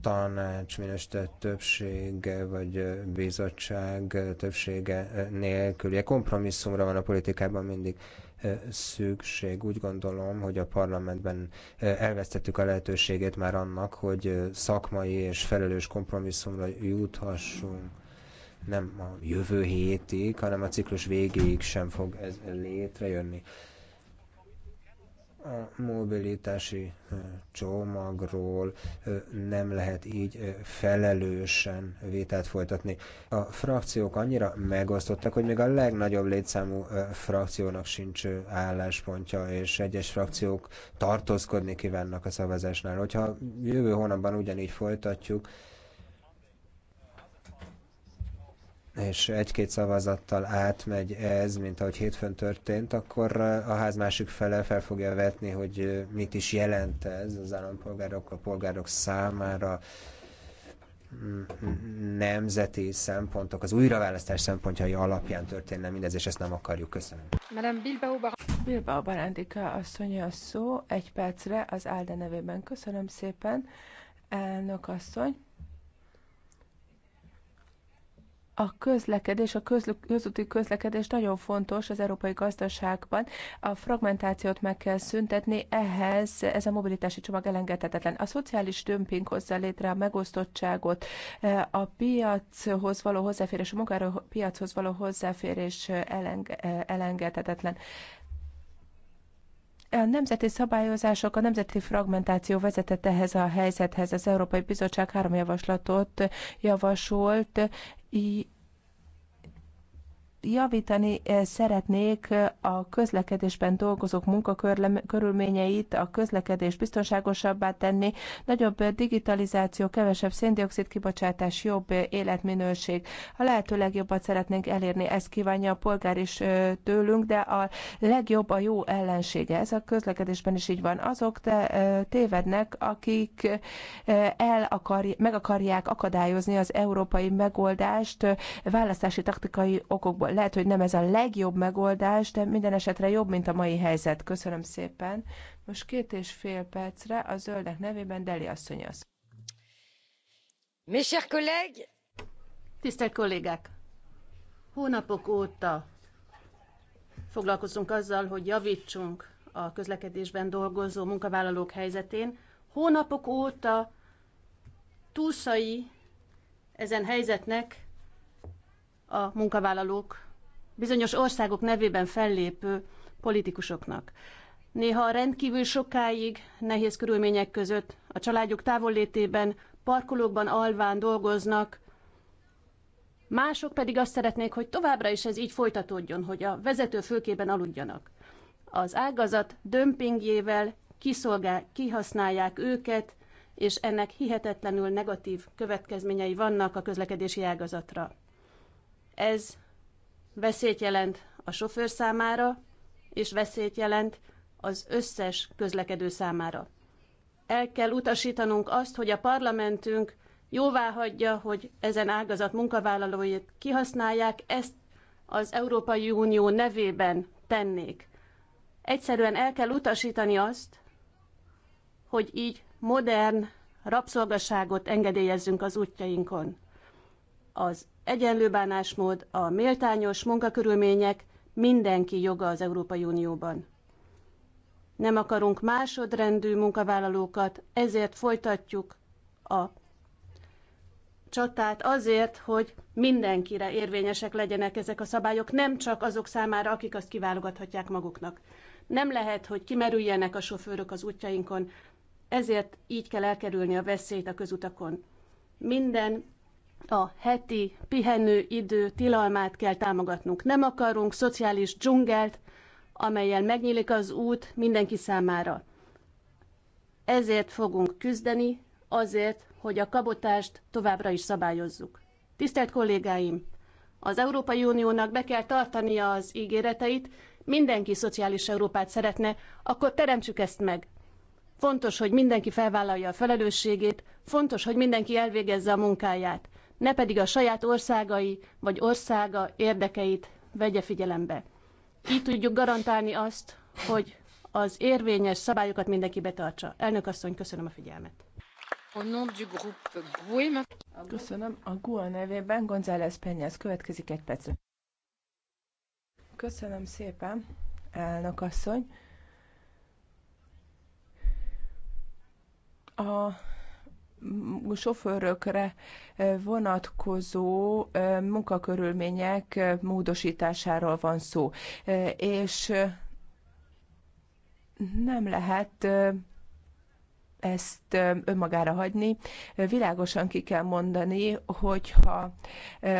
tanács minősített többsége vagy bizottság többsége nélkül. Ugye kompromisszumra van a politikában mindig szükség. Úgy gondolom, hogy a parlamentben elvesztettük a lehetőségét már annak, hogy szakmai és felelős kompromisszumra juthassunk nem a jövő hétig, hanem a ciklus végéig sem fog ez létrejönni a mobilitási csomagról nem lehet így felelősen vitát folytatni. A frakciók annyira megosztottak, hogy még a legnagyobb létszámú frakciónak sincs álláspontja, és egyes frakciók tartózkodni kívánnak a szavazásnál. Hogyha jövő hónapban ugyanígy folytatjuk, és egy-két szavazattal átmegy ez, mint ahogy hétfőn történt, akkor eh, a ház másik fele fel fogja vetni, hogy eh, mit is jelent ez az állampolgárok, a polgárok számára, mm, nemzeti szempontok, az újraválasztás szempontjai alapján történne mindez, és ezt nem akarjuk. Köszönöm. Madame Bilbao, Bar- Bilbao Barandika asszony a szó egy percre az Álda nevében. Köszönöm szépen, elnök asszony a közlekedés, a közl- közúti közlekedés nagyon fontos az európai gazdaságban. A fragmentációt meg kell szüntetni, ehhez ez a mobilitási csomag elengedhetetlen. A szociális dömping hozza létre a megosztottságot, a piachoz való hozzáférés, a munkáról piachoz való hozzáférés eleng- elengedhetetlen. A nemzeti szabályozások, a nemzeti fragmentáció vezetett ehhez a helyzethez. Az Európai Bizottság három javaslatot javasolt, i javítani eh, szeretnék eh, a közlekedésben dolgozók munkakörülményeit, a közlekedés biztonságosabbá tenni, nagyobb eh, digitalizáció, kevesebb széndiokszid kibocsátás, jobb életminőség. A lehető legjobbat szeretnénk elérni, ezt kívánja a polgár is tőlünk, de a legjobb a jó ellensége. Ez a közlekedésben is így van. Azok tévednek, akik el akar, meg akarják akadályozni az európai megoldást választási taktikai okokból lehet, hogy nem ez a legjobb megoldás, de minden esetre jobb, mint a mai helyzet. Köszönöm szépen. Most két és fél percre a zöldek nevében Deli asszony az. Mes chers collègues! Tisztelt kollégák! Hónapok óta foglalkozunk azzal, hogy javítsunk a közlekedésben dolgozó munkavállalók helyzetén. Hónapok óta túszai ezen helyzetnek a munkavállalók bizonyos országok nevében fellépő politikusoknak. Néha rendkívül sokáig, nehéz körülmények között, a családjuk távollétében, parkolókban alván dolgoznak, mások pedig azt szeretnék, hogy továbbra is ez így folytatódjon, hogy a vezető főkében aludjanak. Az ágazat dömpingjével kiszolgál, kihasználják őket, és ennek hihetetlenül negatív következményei vannak a közlekedési ágazatra. Ez veszélyt jelent a sofőr számára, és veszélyt jelent az összes közlekedő számára. El kell utasítanunk azt, hogy a parlamentünk jóvá hagyja, hogy ezen ágazat munkavállalóit kihasználják, ezt az Európai Unió nevében tennék. Egyszerűen el kell utasítani azt, hogy így modern rabszolgaságot engedélyezzünk az útjainkon. Az egyenlő bánásmód, a méltányos munkakörülmények mindenki joga az Európai Unióban. Nem akarunk másodrendű munkavállalókat, ezért folytatjuk a csatát azért, hogy mindenkire érvényesek legyenek ezek a szabályok, nem csak azok számára, akik azt kiválogathatják maguknak. Nem lehet, hogy kimerüljenek a sofőrök az útjainkon, ezért így kell elkerülni a veszélyt a közutakon. Minden a heti pihenőidő tilalmát kell támogatnunk. Nem akarunk szociális dzsungelt, amelyel megnyílik az út mindenki számára. Ezért fogunk küzdeni, azért, hogy a kabotást továbbra is szabályozzuk. Tisztelt kollégáim! Az Európai Uniónak be kell tartania az ígéreteit, mindenki szociális Európát szeretne, akkor teremtsük ezt meg. Fontos, hogy mindenki felvállalja a felelősségét, fontos, hogy mindenki elvégezze a munkáját ne pedig a saját országai vagy országa érdekeit vegye figyelembe. Így tudjuk garantálni azt, hogy az érvényes szabályokat mindenki betartsa. Elnök asszony, köszönöm a figyelmet. Köszönöm. A GUA nevében González Penyez következik egy perc. Köszönöm szépen, elnök asszony. A sofőrökre vonatkozó munkakörülmények módosításáról van szó, és nem lehet ezt önmagára hagyni. Világosan ki kell mondani, hogyha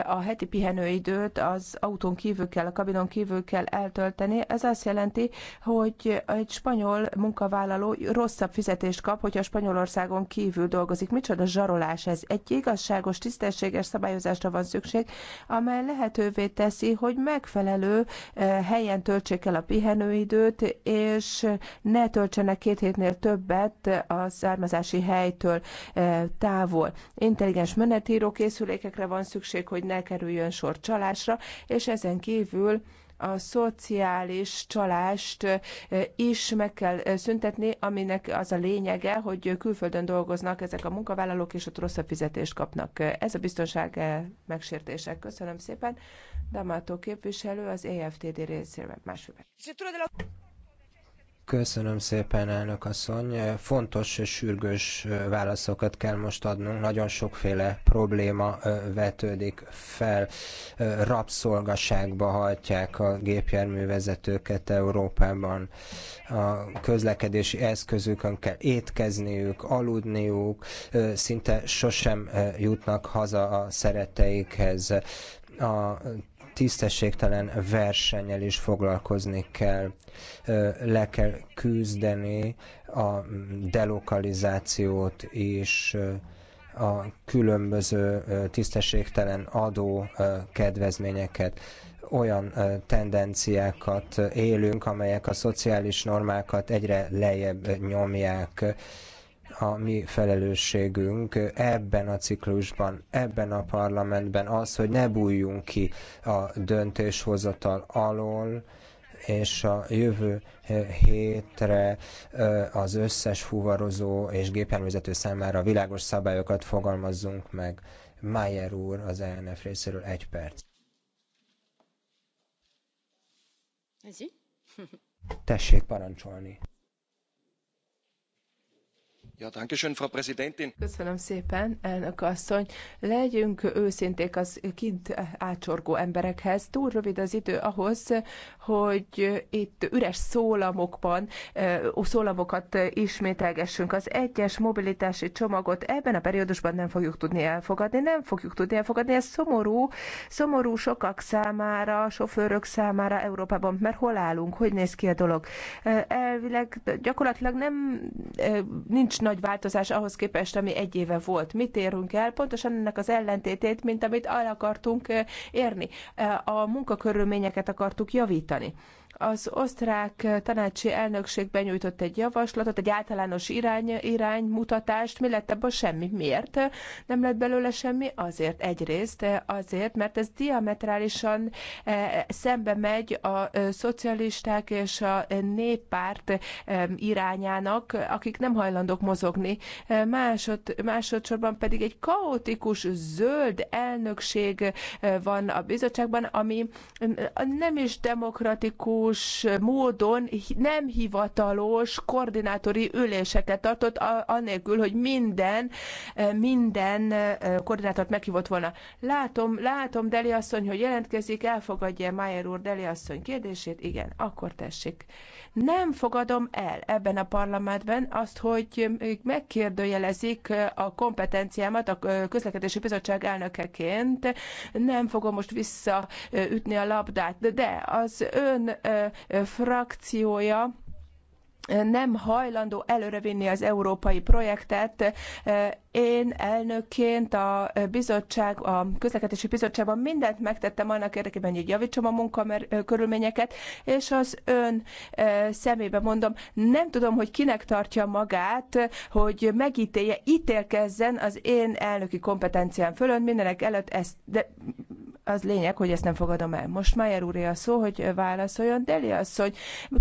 a heti pihenőidőt az autón kívül kell, a kabinon kívül kell eltölteni, ez azt jelenti, hogy egy spanyol munkavállaló rosszabb fizetést kap, hogyha Spanyolországon kívül dolgozik. Micsoda zsarolás ez? Egy igazságos, tisztességes szabályozásra van szükség, amely lehetővé teszi, hogy megfelelő helyen töltsék el a pihenőidőt, és ne töltsenek két hétnél többet az származási helytől e, távol. Intelligens menetíró készülékekre van szükség, hogy ne kerüljön sor csalásra, és ezen kívül a szociális csalást e, is meg kell e, szüntetni, aminek az a lényege, hogy külföldön dolgoznak ezek a munkavállalók, és ott rosszabb fizetést kapnak. Ez a biztonság megsértések. Köszönöm szépen. Damato képviselő az EFTD részéről másfél. Köszönöm szépen, elnök asszony. Fontos és sürgős válaszokat kell most adnunk. Nagyon sokféle probléma vetődik fel. Rabszolgaságba hajtják a gépjárművezetőket Európában. A közlekedési eszközükön kell étkezniük, aludniuk, szinte sosem jutnak haza a szeretteikhez. A tisztességtelen versennyel is foglalkozni kell. Le kell küzdeni a delokalizációt és a különböző tisztességtelen adó kedvezményeket olyan tendenciákat élünk, amelyek a szociális normákat egyre lejjebb nyomják a mi felelősségünk ebben a ciklusban, ebben a parlamentben az, hogy ne bújjunk ki a döntéshozatal alól, és a jövő hétre az összes fuvarozó és gépjárművezető számára világos szabályokat fogalmazzunk meg. Mayer úr az ELNF részéről egy perc. Tessék parancsolni frau präsidentin! köszönöm szépen elnök asszony legyünk őszinték az kint átsorgó emberekhez túl rövid az idő ahhoz hogy itt üres szólamokban szólamokat ismételgessünk az egyes mobilitási csomagot ebben a periódusban nem fogjuk tudni elfogadni nem fogjuk tudni elfogadni ez szomorú szomorú sokak számára sofőrök számára európában mert hol állunk hogy néz ki a dolog elvileg gyakorlatilag nem nincs nagy változás ahhoz képest, ami egy éve volt. Mit érünk el? Pontosan ennek az ellentétét, mint amit el akartunk eh, érni. Eh, a munkakörülményeket akartuk javítani az osztrák tanácsi elnökség benyújtott egy javaslatot, egy általános irány, iránymutatást, mi lett ebből semmi. Miért? Nem lett belőle semmi? Azért egyrészt, azért, mert ez diametrálisan eh, szembe megy a eh, szocialisták és a eh, néppárt irányának, akik nem hajlandók mozogni. Másod, másodszorban pedig egy kaotikus zöld elnökség van a bizottságban, ami mm, nem is demokratikus, demokratikus módon nem hivatalos koordinátori üléseket tartott, anélkül, hogy minden, eh, minden eh, koordinátort meghívott volna. Látom, látom, Deli asszony, hogy jelentkezik, elfogadja Mayer úr Deli asszony kérdését? Igen, akkor tessék. Nem fogadom el ebben a parlamentben azt, hogy megkérdőjelezik a kompetenciámat a eh, közlekedési bizottság elnökeként. Nem fogom most visszaütni a labdát, de az ön frakciója nem hajlandó előrevinni az európai projektet. Én elnökként a bizottság, a közlekedési bizottságban mindent megtettem annak érdekében, hogy javítsam a munkakörülményeket, és az ön e, szemébe mondom, nem tudom, hogy kinek tartja magát, hogy megítélje, ítélkezzen az én elnöki kompetenciám fölön, mindenek előtt ezt, de az lényeg, hogy ezt nem fogadom el. Most Mayer úré a szó, hogy válaszoljon, Deli asszony,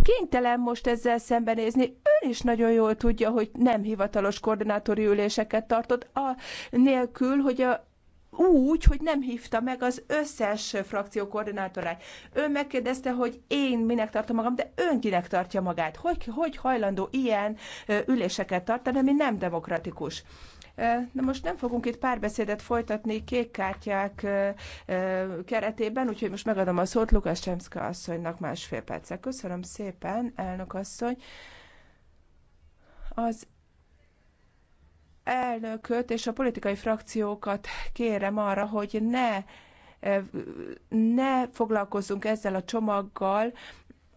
kénytelen most ezzel szemben szembenézni. Ő is nagyon jól tudja, hogy nem hivatalos koordinátori üléseket tartott, a, nélkül, hogy a úgy, hogy nem hívta meg az összes frakció koordinátorát. Ő megkérdezte, hogy én minek tartom magam, de ön kinek tartja magát. Hogy, hogy hajlandó ilyen üléseket tartani, ami nem demokratikus. Na most nem fogunk itt párbeszédet folytatni kék kártyák keretében, úgyhogy most megadom a szót Lukas Csemszka asszonynak másfél percet. Köszönöm szépen, elnök asszony. Az elnököt és a politikai frakciókat kérem arra, hogy ne ne foglalkozzunk ezzel a csomaggal,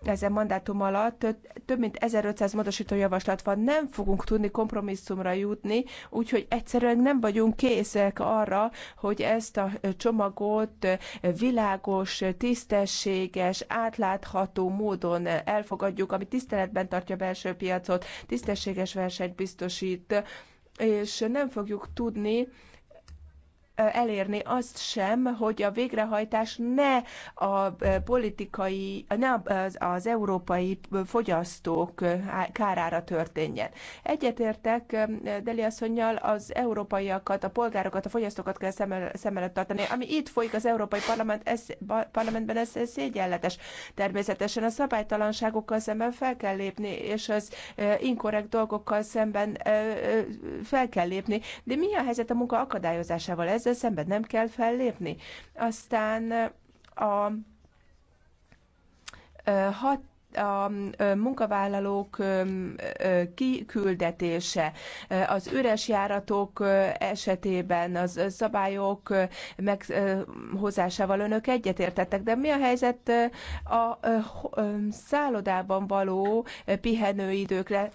ezen mandátum alatt több mint 1500 módosító javaslat van. Nem fogunk tudni kompromisszumra jutni, úgyhogy egyszerűen nem vagyunk készek arra, hogy ezt a csomagot világos, tisztességes, átlátható módon elfogadjuk, ami tiszteletben tartja a belső piacot, tisztességes versenyt biztosít, és nem fogjuk tudni, elérni azt sem, hogy a végrehajtás ne a politikai, ne az, az európai fogyasztók kárára történjen. Egyetértek Deli asszonynal, az európaiakat, a polgárokat, a fogyasztókat kell szem, szem előtt tartani. Ami itt folyik az Európai Parlament, ez, Parlamentben, ez, ez szégyenletes. Természetesen a szabálytalanságokkal szemben fel kell lépni, és az inkorrekt dolgokkal szemben fel kell lépni. De mi a helyzet a munka akadályozásával? Ez ezzel szemben nem kell fellépni. Aztán a hat a munkavállalók kiküldetése, az üres járatok esetében az szabályok meghozásával önök egyetértettek, de mi a helyzet a szállodában való pihenőidőkre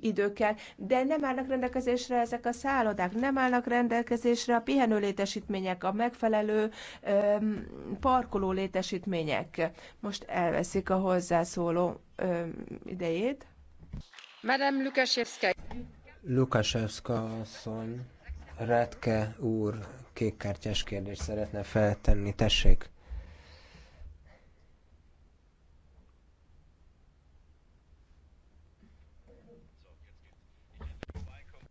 időkkel, de nem állnak rendelkezésre ezek a szállodák, nem állnak rendelkezésre a pihenő létesítmények, a megfelelő öm, parkoló létesítmények. Most elveszik a hozzászóló öm, idejét. Madame Lukaszewska. Lukaszewska asszony, Retke úr kékkártyás kérdést szeretne feltenni, tessék.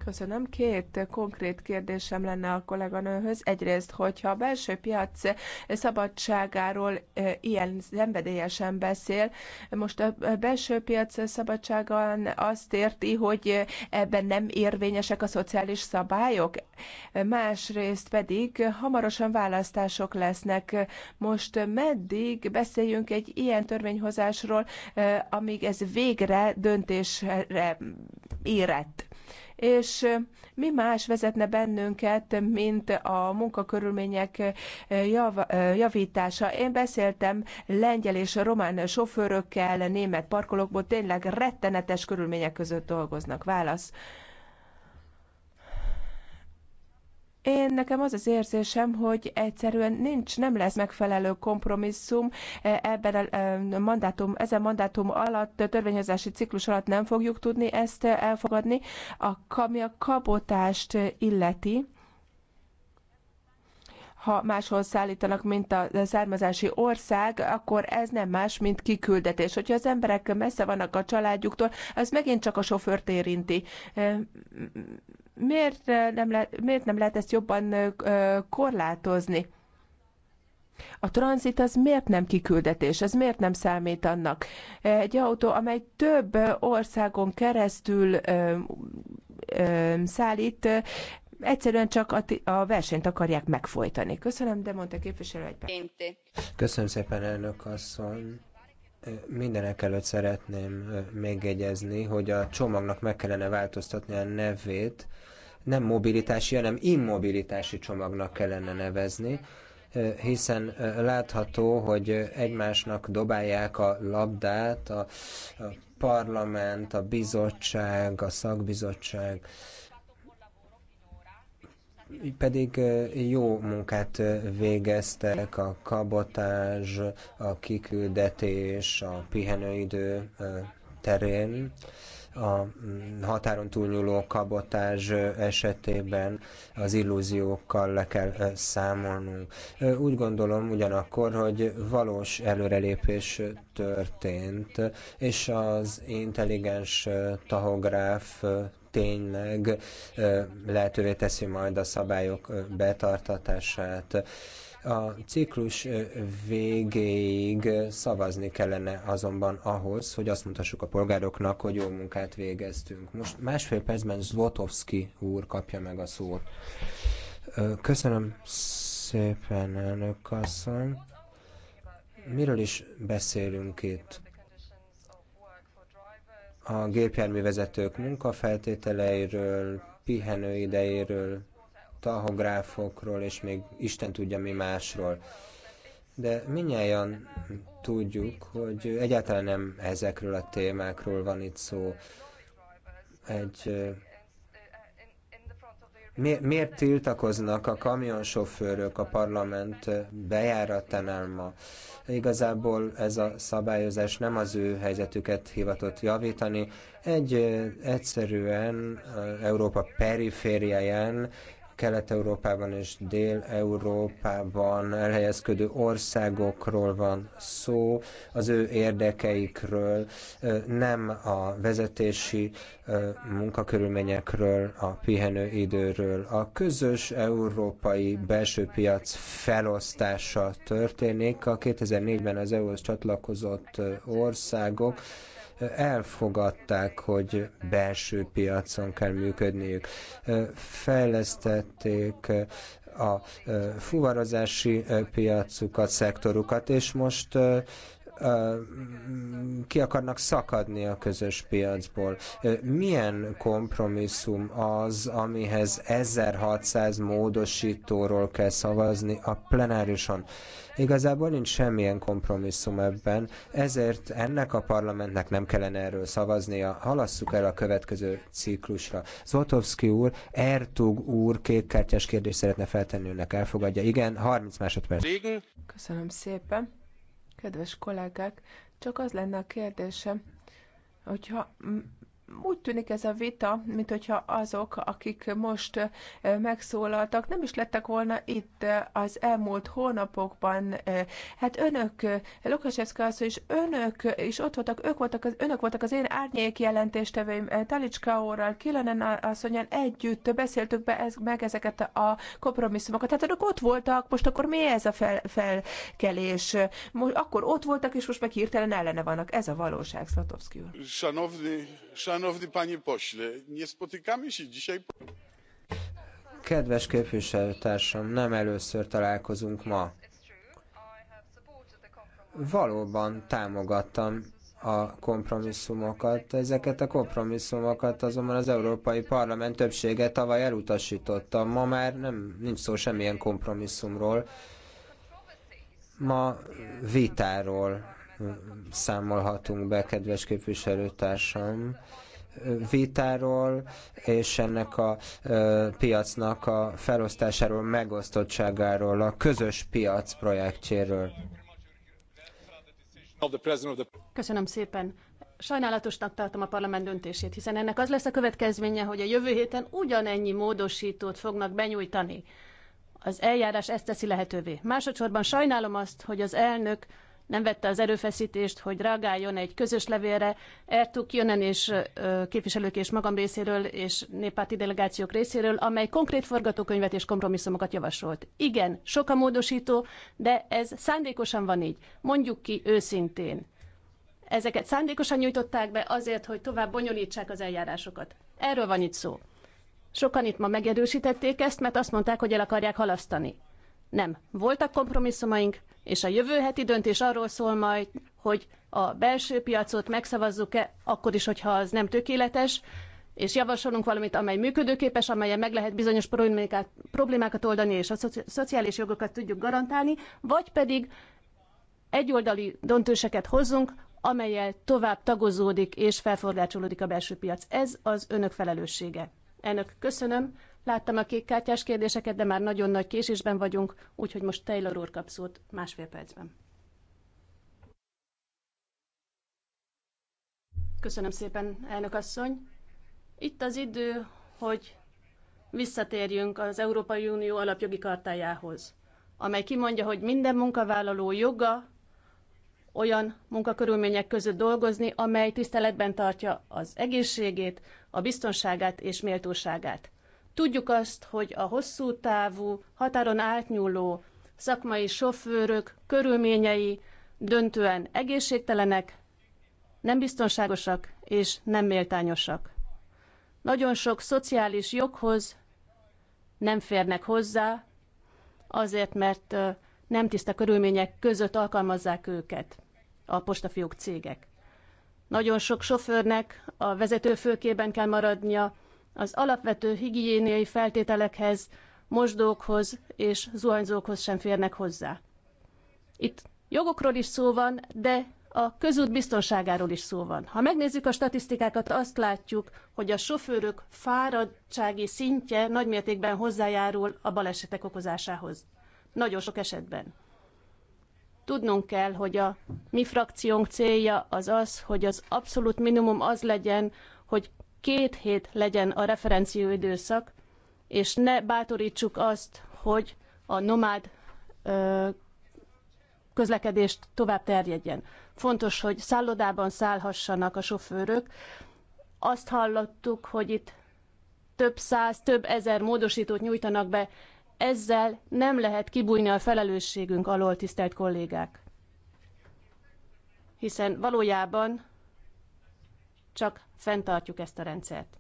Köszönöm. Két konkrét kérdésem lenne a kolléganőhöz. Egyrészt, hogyha a belső piac szabadságáról ilyen szenvedélyesen beszél, most a belső piac szabadságán azt érti, hogy ebben nem érvényesek a szociális szabályok, másrészt pedig hamarosan választások lesznek. Most meddig beszéljünk egy ilyen törvényhozásról, amíg ez végre döntésre érett? és mi más vezetne bennünket, mint a munkakörülmények jav, javítása. Én beszéltem lengyel és román sofőrökkel, német parkolókból, tényleg rettenetes körülmények között dolgoznak. Válasz. én nekem az az érzésem, hogy egyszerűen nincs, nem lesz megfelelő kompromisszum e, ebben a e, mandátum, ezen mandátum alatt, a törvényhozási ciklus alatt nem fogjuk tudni ezt elfogadni, a, ami a kabotást illeti ha máshol szállítanak, mint a származási ország, akkor ez nem más, mint kiküldetés. Hogyha az emberek messze vannak a családjuktól, az megint csak a sofőrt érinti e, Miért nem lehet, miért nem lehet ezt jobban korlátozni? A tranzit az miért nem kiküldetés, ez miért nem számít annak? Egy autó, amely több országon keresztül ö, ö, szállít, egyszerűen csak a, a versenyt akarják megfojtani. Köszönöm, de mondta képviselő egy Köszönöm szépen, elnök asszony. Mindenek előtt szeretném megjegyezni, hogy a csomagnak meg kellene változtatni a nevét, nem mobilitási, hanem immobilitási csomagnak kellene nevezni, hiszen látható, hogy egymásnak dobálják a labdát a, parlament, a bizottság, a szakbizottság, pedig jó munkát végeztek a kabotás, a kiküldetés, a pihenőidő terén a mm, határon túlnyúló kabotás esetében az illúziókkal le kell számolnunk. Úgy gondolom ugyanakkor, hogy valós előrelépés történt, és az intelligens tahográf tényleg lehetővé teszi majd a szabályok betartatását a ciklus végéig szavazni kellene azonban ahhoz, hogy azt mutassuk a polgároknak, hogy jó munkát végeztünk. Most másfél percben Zlotowski úr kapja meg a szót. Köszönöm szépen, elnök asszony. Miről is beszélünk itt? a gépjárművezetők munkafeltételeiről, pihenőidejéről, tahográfokról, és még Isten tudja mi másról. De minnyáján tudjuk, hogy egyáltalán nem ezekről a témákról van itt szó. Egy mi, miért tiltakoznak a kamionsofőrök a parlament bejáratánál ma? Igazából ez a szabályozás nem az ő helyzetüket hivatott javítani, egy egyszerűen Európa perifériáján Kelet-Európában és Dél-Európában elhelyezkedő országokról van szó, az ő érdekeikről, nem a vezetési munkakörülményekről, a pihenőidőről. A közös európai belső piac felosztása történik. A 2004-ben az EU-hoz csatlakozott országok elfogadták, hogy belső piacon kell működniük. Fejlesztették a fuvarozási piacukat, szektorukat, és most ki akarnak szakadni a közös piacból. Milyen kompromisszum az, amihez 1600 módosítóról kell szavazni a plenárison? Igazából nincs semmilyen kompromisszum ebben, ezért ennek a parlamentnek nem kellene erről szavaznia, halasszuk el a következő ciklusra. Zotowski úr, Ertug úr kékkártyás kérdést szeretne feltenni önnek, elfogadja. Igen, 30 másodperc. Köszönöm szépen. Kedves kollégák, csak az lenne a kérdésem, hogyha úgy tűnik ez a vita, mint hogyha azok, akik most megszólaltak, nem is lettek volna itt az elmúlt hónapokban. Hát önök, Lukasevszka asszony és önök is ott voltak, ők voltak az, önök voltak az én árnyék jelentéstevőim, Talicska órral, Kilenen asszonyan együtt beszéltük be ez, meg ezeket a kompromisszumokat. Hát önök ott voltak, most akkor mi ez a fel, felkelés? Most, akkor ott voltak, és most meg hirtelen ellene vannak. Ez a valóság, Szlatovszki úr. Sanovni, Szanowny panie pośle, nie spotykamy się dzisiaj... Kedves képviselőtársam, nem először találkozunk ma. Valóban támogattam a kompromisszumokat. Ezeket a kompromisszumokat azonban az Európai Parlament többsége tavaly elutasította. Ma már nem, nincs szó semmilyen kompromisszumról. Ma vitáról számolhatunk be, kedves képviselőtársam vitáról, és ennek a piacnak a felosztásáról, megosztottságáról, a közös piac projektjéről. Köszönöm szépen. Sajnálatosnak tartom a parlament döntését, hiszen ennek az lesz a következménye, hogy a jövő héten ugyanennyi módosítót fognak benyújtani. Az eljárás ezt teszi lehetővé. Másodszorban sajnálom azt, hogy az elnök nem vette az erőfeszítést, hogy reagáljon egy közös levélre. Ertuk Jönen és képviselők és magam részéről és néppárti delegációk részéről, amely konkrét forgatókönyvet és kompromisszumokat javasolt. Igen, sok a módosító, de ez szándékosan van így. Mondjuk ki őszintén. Ezeket szándékosan nyújtották be azért, hogy tovább bonyolítsák az eljárásokat. Erről van itt szó. Sokan itt ma megerősítették ezt, mert azt mondták, hogy el akarják halasztani. Nem. Voltak kompromisszumaink, és a jövő heti döntés arról szól majd, hogy a belső piacot megszavazzuk-e, akkor is, hogyha az nem tökéletes, és javasolunk valamit, amely működőképes, amelyen meg lehet bizonyos problémákat oldani, és a szociális jogokat tudjuk garantálni, vagy pedig egyoldali döntéseket hozzunk, amelyel tovább tagozódik és felforgácsolódik a belső piac. Ez az önök felelőssége. Elnök, köszönöm. Láttam a kékkártyás kérdéseket, de már nagyon nagy késésben vagyunk, úgyhogy most Taylor úr kap szót másfél percben. Köszönöm szépen, elnök asszony. Itt az idő, hogy visszatérjünk az Európai Unió alapjogi kartájához, amely kimondja, hogy minden munkavállaló joga olyan munkakörülmények között dolgozni, amely tiszteletben tartja az egészségét, a biztonságát és méltóságát. Tudjuk azt, hogy a hosszú távú, határon átnyúló szakmai sofőrök körülményei döntően egészségtelenek, nem biztonságosak és nem méltányosak. Nagyon sok szociális joghoz nem férnek hozzá, azért, mert nem tiszta körülmények között alkalmazzák őket a postafiók cégek. Nagyon sok sofőrnek a vezetőfőkében kell maradnia, az alapvető higiéniai feltételekhez, mosdókhoz és zuhanyzókhoz sem férnek hozzá. Itt jogokról is szó van, de a közút biztonságáról is szó van. Ha megnézzük a statisztikákat, azt látjuk, hogy a sofőrök fáradtsági szintje nagymértékben hozzájárul a balesetek okozásához. Nagyon sok esetben. Tudnunk kell, hogy a mi frakciónk célja az az, hogy az abszolút minimum az legyen, hogy két hét legyen a referencióidőszak, és ne bátorítsuk azt, hogy a nomád ö, közlekedést tovább terjedjen. Fontos, hogy szállodában szállhassanak a sofőrök. Azt hallottuk, hogy itt több száz, több ezer módosítót nyújtanak be. Ezzel nem lehet kibújni a felelősségünk alól, tisztelt kollégák. Hiszen valójában csak fenntartjuk ezt a rendszert.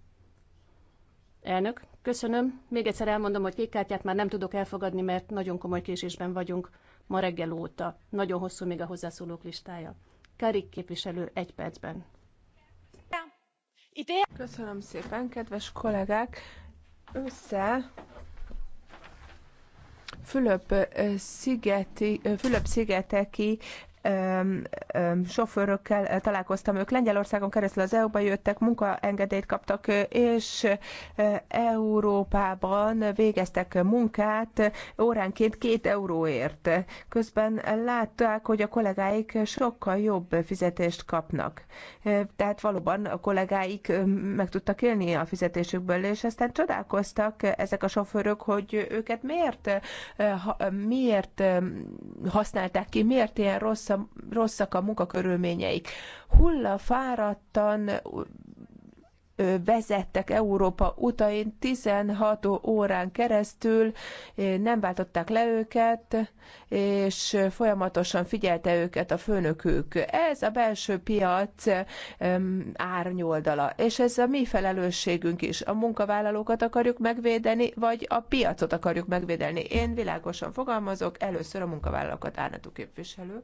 Elnök, köszönöm. Még egyszer elmondom, hogy kékkártyát már nem tudok elfogadni, mert nagyon komoly késésben vagyunk ma reggel óta. Nagyon hosszú még a hozzászólók listája. Karik képviselő egy percben. Köszönöm szépen, kedves kollégák! Össze Fülöp-szigeti, Fülöp-szigeteki sofőrökkel találkoztam, ők Lengyelországon keresztül az EU-ba jöttek, munkaengedélyt kaptak, és Európában végeztek munkát óránként két euróért. Közben látták, hogy a kollégáik sokkal jobb fizetést kapnak. Tehát valóban a kollégáik meg tudtak élni a fizetésükből, és aztán csodálkoztak ezek a sofőrök, hogy őket miért, miért használták ki, miért ilyen rossz rossz a, rosszak a munkakörülményeik. Hulla fáradtan vezettek Európa utain 16 órán keresztül, nem váltották le őket, és folyamatosan figyelte őket a főnökük. Ez a belső piac árnyoldala, és ez a mi felelősségünk is. A munkavállalókat akarjuk megvédeni, vagy a piacot akarjuk megvédeni. Én világosan fogalmazok, először a munkavállalókat állnatú képviselő.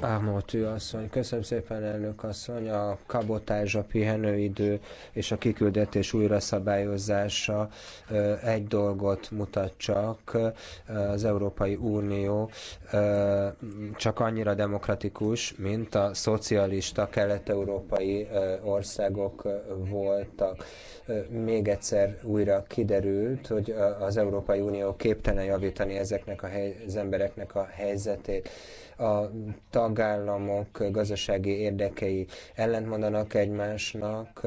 Ámoltű asszony, köszönöm szépen elnök asszony, a kabotázs, a pihenőidő és a kiküldetés újra szabályozása egy dolgot mutat csak, az Európai Unió csak annyira demokratikus, mint a szocialista kelet-európai országok voltak. Még egyszer újra kiderült, hogy az Európai Unió képtelen javítani ezeknek a hely, az embereknek a helyzetét a tagállamok gazdasági érdekei ellentmondanak egymásnak,